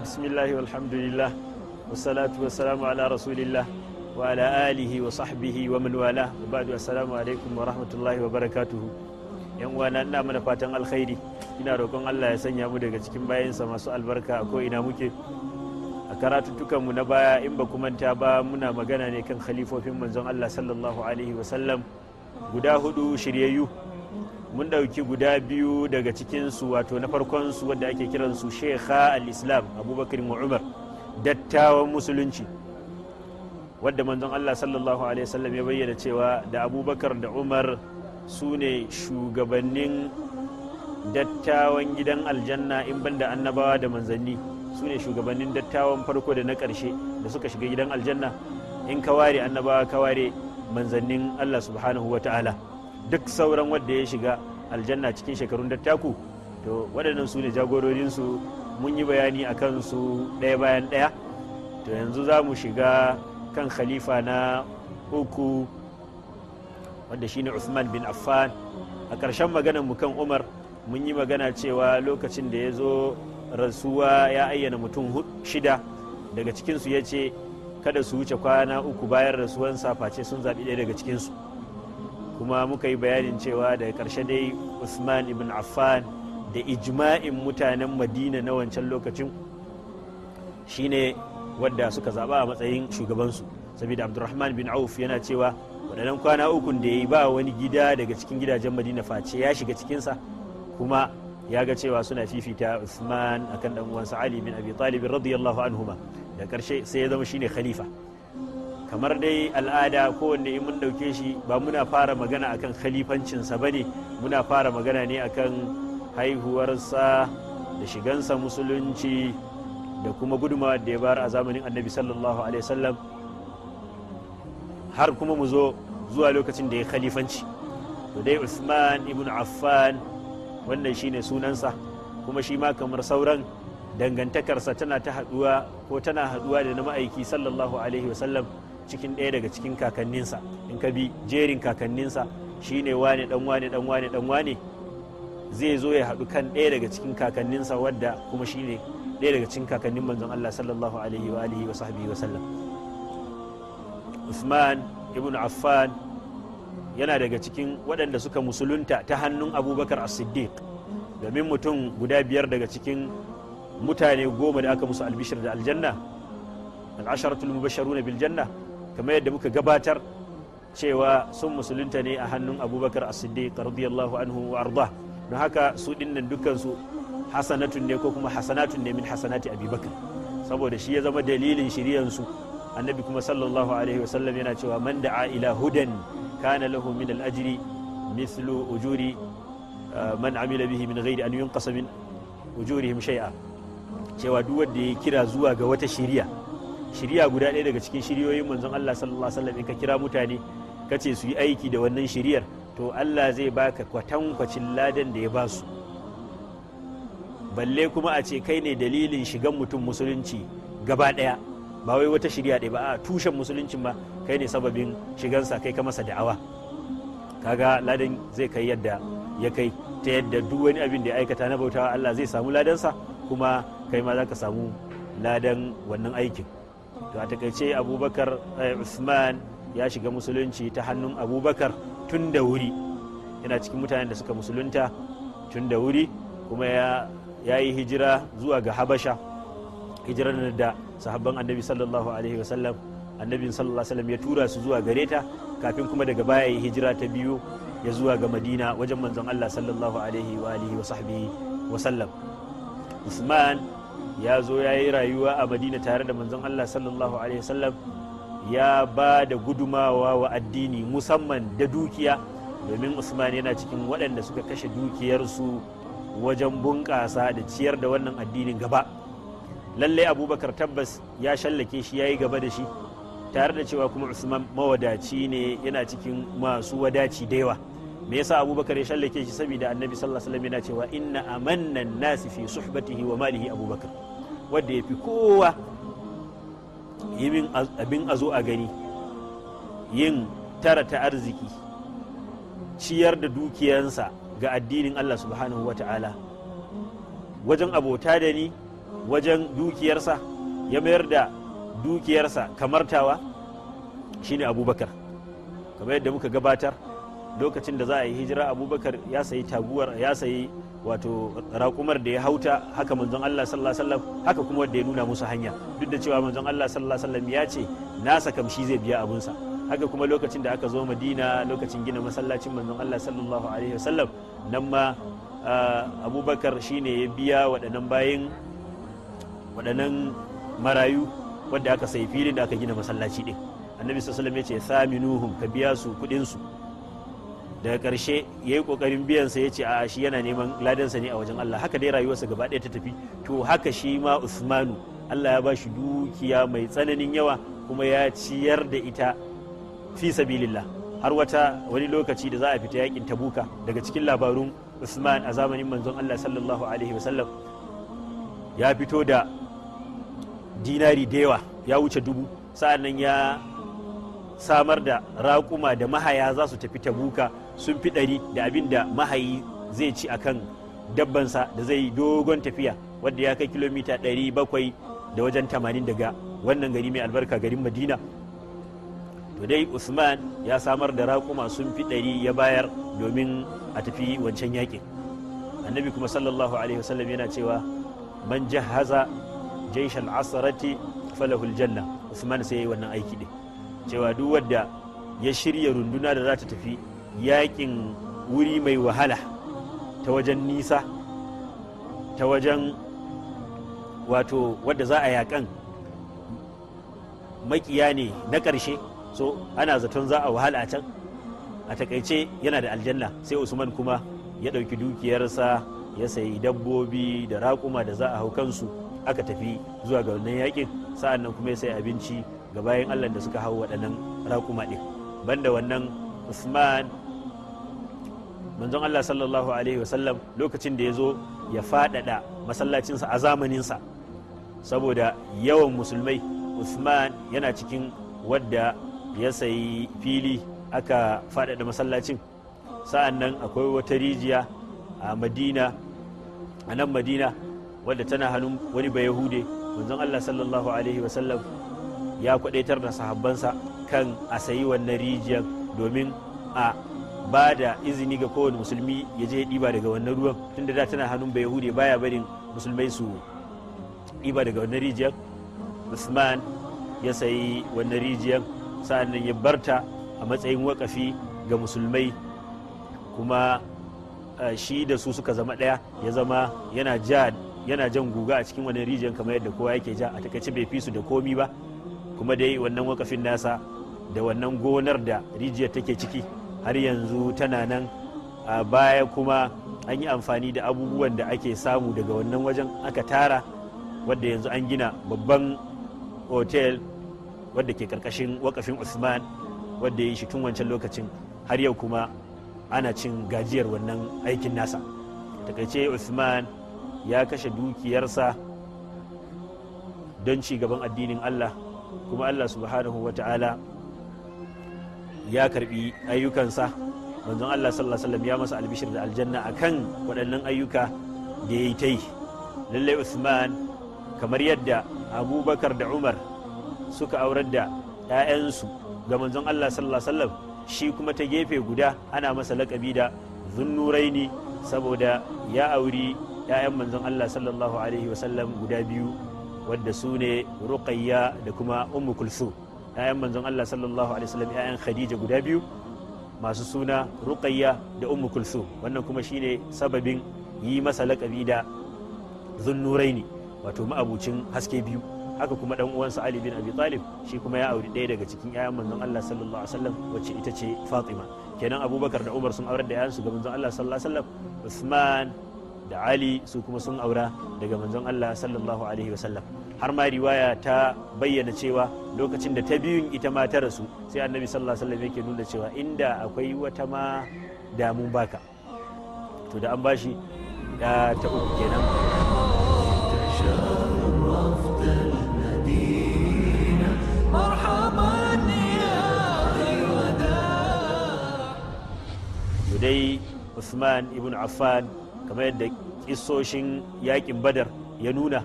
bismillahi walhamdulillah wasalatu wasalamu ala rasulillah wa ala alihi wa sahbihi wa man wala wa ba'du assalamu alaikum wa rahmatullahi wa barakatuhu yan uwana ina mana fatan alkhairi ina roƙon Allah ya sanya mu daga cikin bayansa masu albarka a ko ina muke a karatuttukan mu na baya in ba manta ba muna magana ne kan khalifofin manzon Allah sallallahu alaihi wa sallam guda hudu shiryayyu mun ɗauki guda biyu daga cikinsu wato na farkon wadda ake kiransu shekha al-islam abubakar umar dattawan musulunci wadda manzon allah sallallahu alaihi wasallam ya bayyana cewa da abubakar da umar su ne shugabannin dattawan gidan aljanna in banda annabawa da manzanni su ne shugabannin dattawan farko da na ƙarshe da suka shiga gidan aljanna in ka ware annabawa ka ware manzannin allah subhanahu wa ta'ala duk sauran wanda ya shiga aljanna cikin shekarun dattaku to waɗannan su ne jagororinsu mun yi bayani a kansu ɗaya bayan ɗaya to yanzu za mu shiga kan khalifa na uku wanda shine Uthman bin Affan a ƙarshen maganar mu kan Umar mun yi magana cewa lokacin da ya zo rasuwa ya ayyana mutum shida daga cikinsu ya ce kada su wuce kwana uku bayan rasuwansa face sun zaɓi ɗaya daga cikinsu kuma muka yi bayanin cewa daga ƙarshe dai usman ibn affan da ijma'in mutanen madina na wancan lokacin shine wadda suka zaba a matsayin shugabansu saboda abdurrahman bin auf yana cewa waɗannan kwana ukun da ya yi ba wani gida daga cikin gidajen madina face ya shiga cikinsa kuma ya ga cewa suna fifita usman akan dan uwansa ali bin abi talib radiyallahu anhuma da ƙarshe sai ya zama shine khalifa kamar dai al'ada kowanne in mun dauke shi ba muna fara magana akan khalifancinsa ba ne muna fara magana ne akan haihuwarsa da shigansa musulunci da kuma guduma da ya bayar a zamanin annabi sallallahu alaihi wasallam har kuma mu zo zuwa lokacin da ya khalifanci to dai usman ibn affan wannan shine sunansa kuma shi ma kamar sauran dangantakarsa tana ta haduwa ko tana haduwa da na ma'aiki sallallahu alaihi wasallam cikin ɗaya daga cikin kakanninsa in ka bi jerin kakanninsa ne wane ɗan wane dan wane dan wane zai zo ya haɗu kan ɗaya daga cikin kakanninsa wadda kuma ne ɗaya daga cikin kakannin manzon Allah sallallahu alaihi wa alihi wa sahbihi wa sallam Uthman ibn Affan yana daga cikin waɗanda suka musulunta ta hannun Abubakar As-Siddiq domin mutum guda biyar daga cikin mutane goma da aka musu albishir da aljanna al-asharatul mubashsharuna bil janna kamar yadda muka gabatar cewa sun musulunta ne a hannun abubakar as-siddiq radiyallahu anhu wa arda don haka su dinnan dukkansu hasanatun ne ko kuma hasanatun ne min hasanati abubakar saboda shi ya zama dalilin shiriyansu annabi kuma sallallahu alaihi wasallam yana cewa man da'a ila hudan kana lahu min al-ajri mithlu ujuri ah, man amila bihi min ghairi an yunqasa min ujurihim shay'a cewa duk wanda ya kira zuwa ga wata shiriya shiriya guda ɗaya daga cikin shiriyoyin manzon Allah sallallahu alaihi wasallam in ka kira mutane kace ce su yi aiki da wannan shiriyar to Allah zai baka kwatan kwacin ladan da ya ba su balle kuma a ce kai ne dalilin shigan mutum musulunci gaba ɗaya ba wai wata shirya ɗaya ba a tushen musulunci ba kai ne sababin shigansa kai ka masa da'awa kaga ladan zai kai yadda ya kai ta yadda duk wani abin da ya aikata na bautawa Allah zai samu ladansa kuma kai ma za ka samu ladan wannan aikin to a takaice abubakar eh, usman ya shiga musulunci ta hannun abubakar tun da wuri yana cikin mutanen da suka musulunta tun da wuri kuma ya yi hijira zuwa ga habasha hijirar da sahabban annabi sallallahu alaihi wasallam annabin sallallahu alaihi wasallam ya tura su zuwa gare ta kafin kuma daga baya ya hijira ta biyu ya zuwa ga madina wajen manzon allah sallallahu alaihi wa alihi wa sahbihi wa sallam usman ya zo ya yi rayuwa a madina tare da manzon allah sallallahu alaihi wasallam ya ba da gudumawa wa addini musamman da dukiya domin usman yana cikin waɗanda suka kashe dukiyarsu wajen bunƙasa da ciyar da wannan addinin gaba lallai abubakar tabbas ya shallake shi ya yi gaba da shi tare da cewa kuma usman mawadaci ne yana cikin masu wadaci da yawa me yasa abubakar ya shallake shi saboda annabi sallallahu alaihi wasallam yana cewa inna amanna nasi fi suhbatihi wa malihi abubakar wadda ya fi kowa yin abin a zo a gani yin tara ta arziki ciyar da dukiyansa ga addinin Allah subhanahu wa ta'ala wajen abota da ni wajen dukiyarsa ya mayar da dukiyarsa kamar tawa shine abubakar kamar yadda muka gabatar lokacin da za a yi hijira abubakar ya sayi taguwar ya sayi wato raƙumar da ya hauta haka manzon Allah sallallahu alaihi wasallam haka kuma wanda ya nuna musu hanya duk da cewa manzon Allah sallallahu alaihi wasallam ya ce nasa kamshi zai biya abun sa haka kuma lokacin da aka zo Madina lokacin gina masallacin manzon Allah sallallahu alaihi wasallam nan ma Abubakar shine ya biya waɗannan bayin waɗannan marayu wanda aka sai filin da aka gina masallaci din annabi sallallahu alaihi wasallam ya ce saminuhum ka biya su kuɗin su daga karshe ya yi kokarin biyan sa ya ce a shi yana neman ladansa ne a wajen Allah haka dai rayuwarsa gaba ɗaya ta tafi to haka shi ma Usmanu Allah ya ba shi dukiya mai tsananin yawa kuma ya ciyar da ita fi sabilillah har wata wani lokaci da za a fita yakin tabuka daga cikin labarun Usman a zamanin manzon Allah sallallahu alaihi wasallam ya fito da dinari da yawa ya wuce dubu sa'annan ya samar da raƙuma da mahaya za su tafi tabuka sun fi ɗari da abin da mahayi zai ci akan dabbansa da zai dogon tafiya wadda ya kai kilomita ɗari bakwai da wajen tamanin daga wannan gari mai albarka garin madina to dai usman ya samar da raƙuma sun fi ɗari ya bayar domin a tafi wancan yaƙin annabi kuma sallallahu alaihi wasallam yana cewa man jahaza jaishal asarati falahul janna usman sai ya yi wannan aiki ɗin cewa duk wadda ya shirya runduna da za ta tafi yakin wuri mai wahala ta wajen nisa ta wajen wato wadda za a yakan makiya ne na ƙarshe so ana zaton za a wahala a can a takaice yana da aljanna sai usman kuma ya ɗauki dukiyarsa ya sayi dabbobi da raƙuma da za a hau kansu aka tafi zuwa ga wannan yakin sa'an nan kuma ya sayi abinci ga bayan allah da suka hau waɗannan raƙuma ɗin banda wannan usman manzon Allah sallallahu alaihi wasallam lokacin da ya zo ya faɗaɗa masallacinsa a zamaninsa saboda yawan musulmai Uthman yana cikin wadda ya sayi fili aka faɗaɗa masallacin sa'an nan akwai wata rijiya a madina a nan madina wadda tana hannun wani bai yahude manzon Allah sallallahu alaihi wasallam ya kwadaitar da sahabbansa kan a sayi wannan rijiyar domin a ba da izini ga kowane musulmi ya je ɗiba daga wannan ruwan tun da tana hannun bai yahude baya barin musulmai su ɗiba daga wannan rijiyar usman ya sayi wannan rijiyar sa'annan ya barta a matsayin wakafi ga musulmai kuma shi da su suka zama ɗaya ya zama yana yana jan guga a cikin wannan rijiyar kamar yadda kowa yake ja a takaice bai fi su da komi ba kuma dai wannan wakafin nasa da wannan gonar da rijiyar take ciki har yanzu tana nan a baya kuma an yi amfani da abubuwan da ake samu daga wannan wajen aka tara wadda yanzu an gina babban otel wadda ke karkashin wakafin usman wadda ya yi shi tun wancan lokacin har yau kuma ana cin gajiyar wannan aikin nasa takaice usman ya kashe dukiyarsa don ci gaban addinin allah kuma allah subhanahu wa ta'ala ya karbi ayyukansa manzon Allah sallallahu alaihi ya masa albishir da aljanna akan waɗannan ayyuka da yayi ta yi lallai Usman kamar yadda Abubakar da Umar suka aurar da 'ya'yansu ga manzon Allah sallallahu alaihi shi kuma ta gefe guda ana masa laƙabi da zunnuraini saboda ya auri 'ya'yan manzon Allah sallallahu alaihi wasallam guda biyu wadda su ne Ruqayya da kuma Ummu Kulsum 'ya'yan manzon Allah sallallahu alaihi wasallam 'ya'yan Khadija guda biyu masu suna Ruqayya da Ummu Kulsum wannan kuma shine sababin yi masa laƙabi da Zunnuraini wato ma'abucin haske biyu haka kuma dan uwansa Ali bin Abi Talib shi kuma ya auri ɗaya daga cikin 'ya'yan manzon Allah sallallahu alaihi wasallam wacce ita ce Fatima kenan Abubakar da Umar sun aurar da 'ya'yansu ga manzon Allah sallallahu alaihi wasallam Usman da Ali su kuma sun aura daga manzon Allah sallallahu alaihi wasallam har ma riwaya ta bayyana cewa lokacin da ta biyun ita ma ta rasu sai annabi sallallahu alaihi wasallam yake nuna cewa inda akwai wata ma damun baka to da an bashi ta uku kenan dai Usman ibn Affan kamar yadda kisoshin yakin Badar ya nuna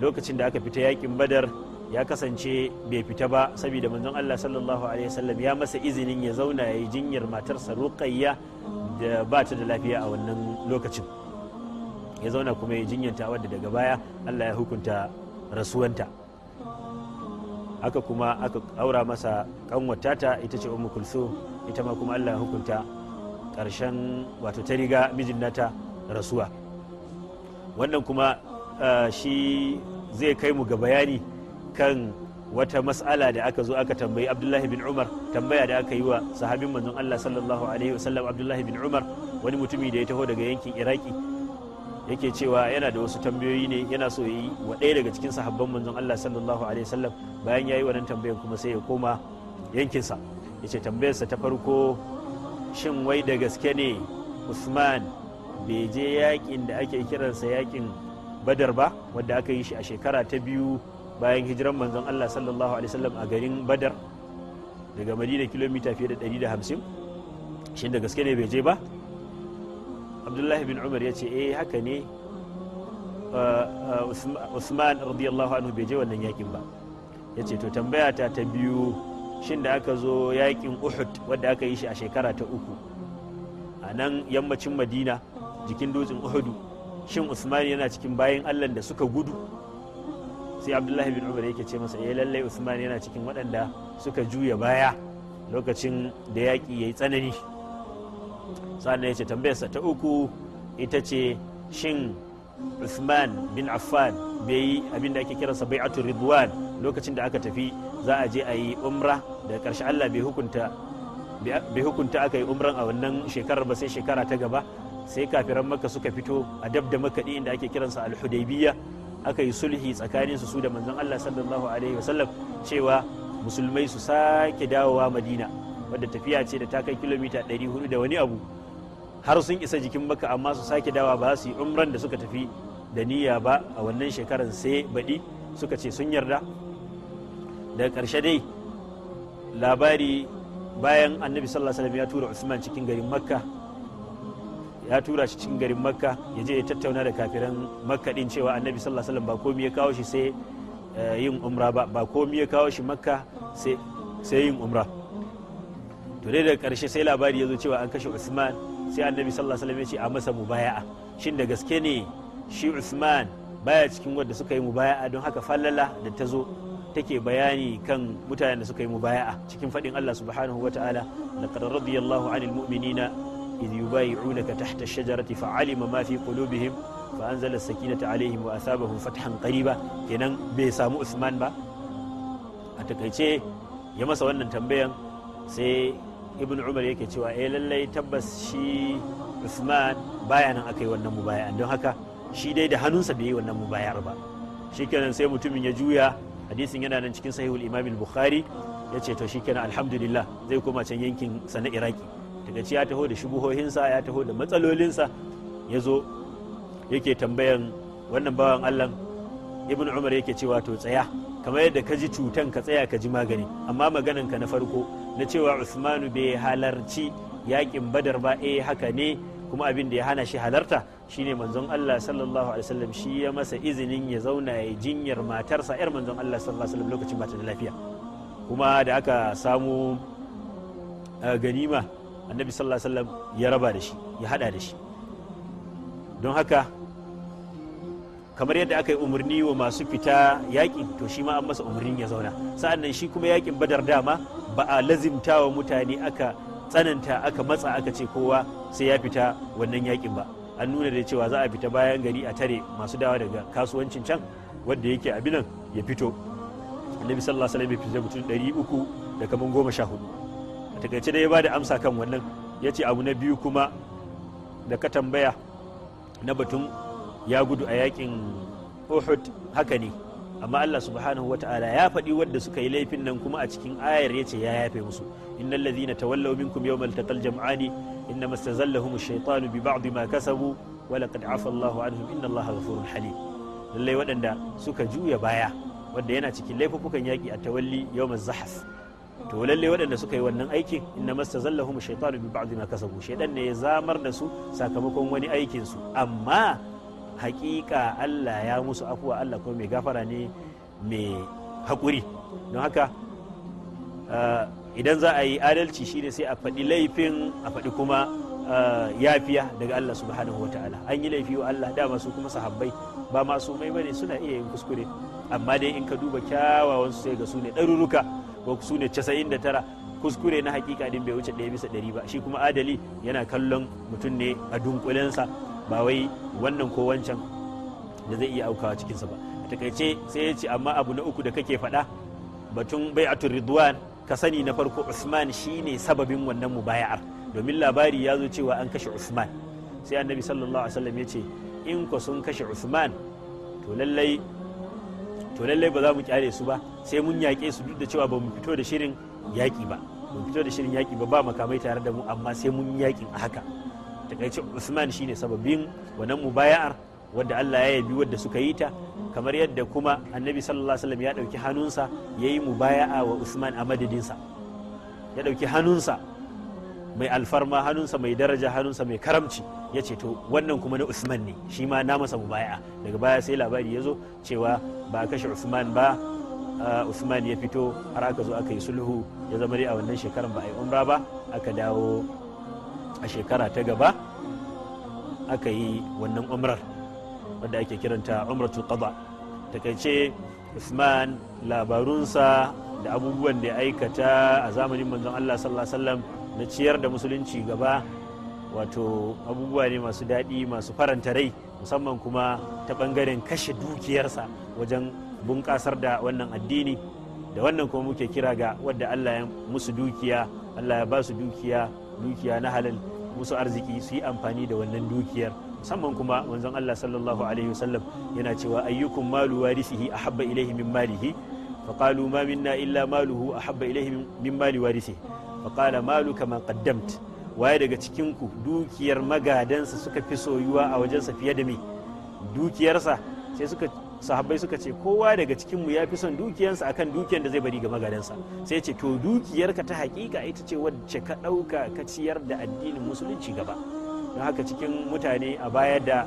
lokacin da aka fita yakin badar ya kasance bai fita ba saboda manzon Allah sallallahu alaihi wasallam ya masa izinin ya zauna ya yi jinyar matarsa ruqayya da ba ta da lafiya a wannan lokacin ya zauna kuma ya jinyar ta wadda daga baya Allah ya hukunta rasuwanta aka kuma aka aura masa kanwata ta ita ce ummu kulsu ita ma kuma Allah ya hukunta karshen wato ta riga mijin nata rasuwa wannan kuma Eh, shi zai kai mu ga bayani kan wata mas'ala da aka zo aka tambayi abdullahi bin umar tambaya da aka yi wa sahabin manzon allah sallallahu alaihi wasallam abdullahi bin umar wani mutumi da ya taho daga yankin iraki yake cewa yana da wasu tambayoyi ne yana so yi wa ɗaya daga cikin sahabban manzon allah sallallahu alaihi wasallam bayan ya yi wannan tambayar kuma sai ya koma yankinsa ya ce tambayarsa ta farko shin wai da gaske ne usman bai je yakin da ake kiransa yakin badar ba wadda aka yi shi a shekara ta biyu bayan hijiran manzon Allah sallallahu alaihi wasallam a garin badar daga madina kilomita fiye da 150 shin da gaske ne bai je ba abdullahi bin umar ya ce eh haka ne uh, uh, usman radiyallahu anhu bai je wannan yakin ba ya ce to tambaya ta ta biyu shin da aka zo yakin uhud wadda aka yi shi a shekara ta uku a nan yammacin madina jikin dutsen uhudu shin usman yana cikin bayan allah da suka gudu sai abdullahi bin umar yake ce masa ya eh, lallai usman yana cikin waɗanda suka juya baya lokacin da yaƙi ya yi tsanani sannan ya ce tambayarsa ta uku ita ce shin usman bin affan bai yi abin da ake kiransa bai'atu ridwan lokacin da aka tafi za a je a yi umra da karshe allah bai hukunta aka yi umran a wannan shekarar ba sai shekara ta gaba sai kafiran maka suka fito a dab da makaɗi inda ake kiransa alhudaibiya aka yi sulhi tsakanin su su da manzon Allah sallallahu alaihi wasallam cewa musulmai su sake dawowa Madina wadda tafiya ce da ta kai kilomita 400 da wani abu har sun isa jikin maka amma su sake dawa ba su yi umran da suka tafi da niyya ba a wannan shekarar sai baɗi suka ce sun yarda daga karshe dai labari bayan annabi sallallahu alaihi wasallam ya tura usman cikin garin makka ya tura shi cikin garin makka ya je ya tattauna da kafiran makka din cewa annabi sallallahu alaihi wasallam ba komai ya kawo shi sai eh, yin umra ba ba komai ya kawo shi makka sai yin umra to dai daga karshe sai labari ya zo cewa an kashe usman sai annabi sallallahu alaihi wasallam ya ce a masa mubaya'a shin da gaske ne shi usman baya cikin wanda suka yi mubaya'a don haka fallala da ta zo take bayani kan mutanen da suka yi mubaya'a cikin fadin Allah subhanahu wa ta'ala laqad radiyallahu 'anil mu'minina إذ يبايعونك تحت الشجرة فعلم ما في قلوبهم فأنزل السكينة عليهم وأثابهم فتحا قريبا كنن بيسامو عثمان با ya يمسا wannan tambayan sai ibn umar yake cewa eh lallai tabbas shi Uthman baya nan aka yi wannan baya. don haka shi dai da hannunsa bai yi wannan mubayar ba kenan sai mutumin ya juya hadisin yana nan cikin sahihul imam bukhari ya ce to shi shikenan alhamdulillah zai koma can yankin sa na iraki daga ci ya taho da shubuhohinsa ya taho da matsalolinsa ya zo yake tambayan wannan bawan allan. ibn umar yake cewa to tsaya kamar yadda ka ji cutan ka tsaya ka ji magani amma maganan ka na farko na cewa usmanu bai halarci yakin badar ba eh haka ne kuma abin da ya hana shi halarta shine manzon Allah sallallahu alaihi wasallam shi ya masa izinin ya zauna ya jinyar matarsa yar manzon Allah sallallahu alaihi wasallam lokacin ba ta da lafiya kuma da aka samu eh, ganima annabi sallallahu alaihi wasallam ya raba da shi ya hada da shi don haka kamar yadda aka yi umarni wa masu fita yaƙi to shi ma an masa umarnin ya zauna sa'an nan shi kuma yaƙin badar dama ba a lazimta wa mutane aka tsananta aka matsa aka ce kowa sai ya fita wannan yaƙin ba an nuna da cewa za a fita bayan gari a tare masu dawa daga kasuwancin can wanda yake abinan ya fito annabi sallallahu alaihi wasallam ya fita mutum 300 da kaman goma sha hudu a takaice dai ya ba da amsa kan wannan ya ce abu na biyu kuma da ka tambaya na batun ya gudu a yakin uhud haka ne amma Allah subhanahu wa ta'ala ya faɗi wadda suka yi laifin nan kuma a cikin ayar ya ce ya yafe musu innal ladhina tawallaw minkum yawmal taqal jam'ani inna mastazallahum ash-shaytanu bi ba'd ma kasabu wa laqad afa Allahu anhum inna Allaha ghafurun halim lallai waɗanda suka juya baya wanda yana cikin laifukan yaƙi a tawalli yawmal zahas. to lalle waɗanda suka yi wannan aikin inna masta zallahum shaytanu bi ba'dima kasabu shaydan ne ya zamar da su sakamakon wani aikin su amma haƙiƙa Allah ya musu afuwa Allah kuma mai gafara ne mai haƙuri don haka eh, idan za a yi adalci shine sai a faɗi laifin a faɗi kuma eh, yafiya daga Allah subhanahu wa ta'ala an yi laifi wa Allah dama su kuma sahabbai ba masu mai bane suna iya yin kuskure amma dai in ka duba kyawawan su sai ga su ne ɗaruruka ko su ne 99 kuskure na hakika din bai wuce ɗaya bisa ɗari ba shi kuma adali yana kallon mutum ne a dunkulensa ba wai wannan ko wancan da zai iya aukawa cikinsa ba a takaice sai ya ce amma abu na uku da kake faɗa batun bai bai'atul ridwan ka sani na farko usman shine sababin wannan mu mubaya'ar domin labari ya zo cewa an kashe usman sai annabi sallallahu alaihi wasallam ya ce in ku sun kashe usman to lallai to lallai ba za mu kyale su ba sai mun yaƙe su duk da cewa ba mu fito da shirin yaƙi ba mu fito da shirin yaƙi ba ba makamai tare da mu amma sai mun yaƙin a haka takaice Usman shine sababin wannan mubaya'ar wadda Allah ya yabi wadda suka yi ta kamar yadda kuma Annabi sallallahu alaihi wasallam ya dauki hannunsa yayi mubaya'a wa Usman a madadinsa ya dauki hannunsa mai alfarma hannunsa mai daraja hannunsa mai karamci ya ce to wannan kuma na Usman ne shi ma na masa mubaya'a daga baya sai labari ya zo cewa ba kashe Usman ba Usman ya fito har aka zo aka yi sulhu ya zama dai a wannan shekarar ba a yi umra ba aka dawo a shekara ta gaba aka yi wannan umrar wadda ake kiranta umratul qada takaice Usman labarunsa da abubuwan da ya aikata a zamanin manzon Allah sallallahu alaihi wasallam na ciyar da musulunci gaba wato abubuwa ne masu daɗi masu faranta rai musamman kuma ta ɓangaren kashe dukiyarsa wajen bunƙasar da wannan addini da wannan kuma muke kira ga wadda Allah ya musu dukiya Allah ya ba su dukiya dukiya na halal musu arziki su yi amfani da wannan dukiyar musamman kuma manzon Allah sallallahu alaihi wasallam yana cewa ayyukum malu warisihi ahabba ilaihi min malihi فقالوا illa maluhu إلا ماله أحب إليه من مال وارثه فقال مالك ما qaddamt waye daga cikinku dukiyar magadansa suka fi soyuwa a wajensa fiye da me dukiyarsa sai suka sahabbai suka ce kowa daga cikin mu ya fi son dukiyansa akan dukiyan da zai bari ga magadansa sai ce to dukiyarka ta hakika ita ce wacce ka ɗauka ka ciyar da addinin musulunci gaba don haka cikin mutane a baya da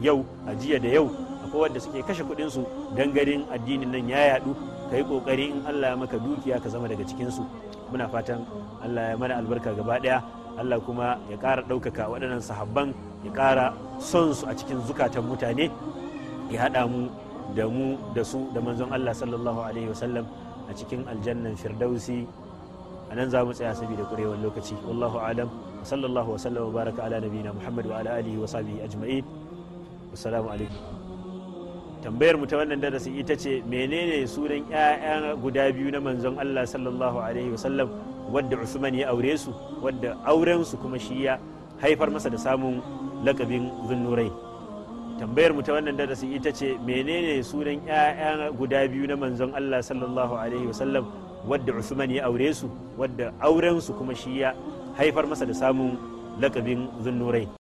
yau a jiya da yau akwai wanda suke kashe kuɗinsu don ganin addinin nan ya yadu ka yi in allah ya maka dukiya ka zama daga cikinsu muna fatan allah ya mana albarka gaba ɗaya allah kuma ya kara ɗaukaka waɗannan sahabban ya kara son su a cikin zukatan mutane ya haɗa mu da mu da su da manzon Allah sallallahu alaihi wasallam a cikin aljannan firdausi a nan za mu tsaya saboda kurewar lokaci wallahu alam sallallahu wa sallam baraka ala nabiyina muhammad wa ala alihi wa sahbihi ajma'in assalamu alaikum tambayar mu ta wannan darasi ita ce menene sunan ƴaƴan guda biyu na manzon Allah sallallahu alaihi wasallam wadda Usman ya aure su wadda auren su kuma shi ya haifar masa da samun lakabin zunnurai tambayar mu ta wannan darasi ita ce menene sunan 'ya'ya guda biyu na manzon Allah sallallahu alaihi wasallam wadda Usman ya aure su wadda auren su kuma shi ya haifar masa da samun lakabin zunnurai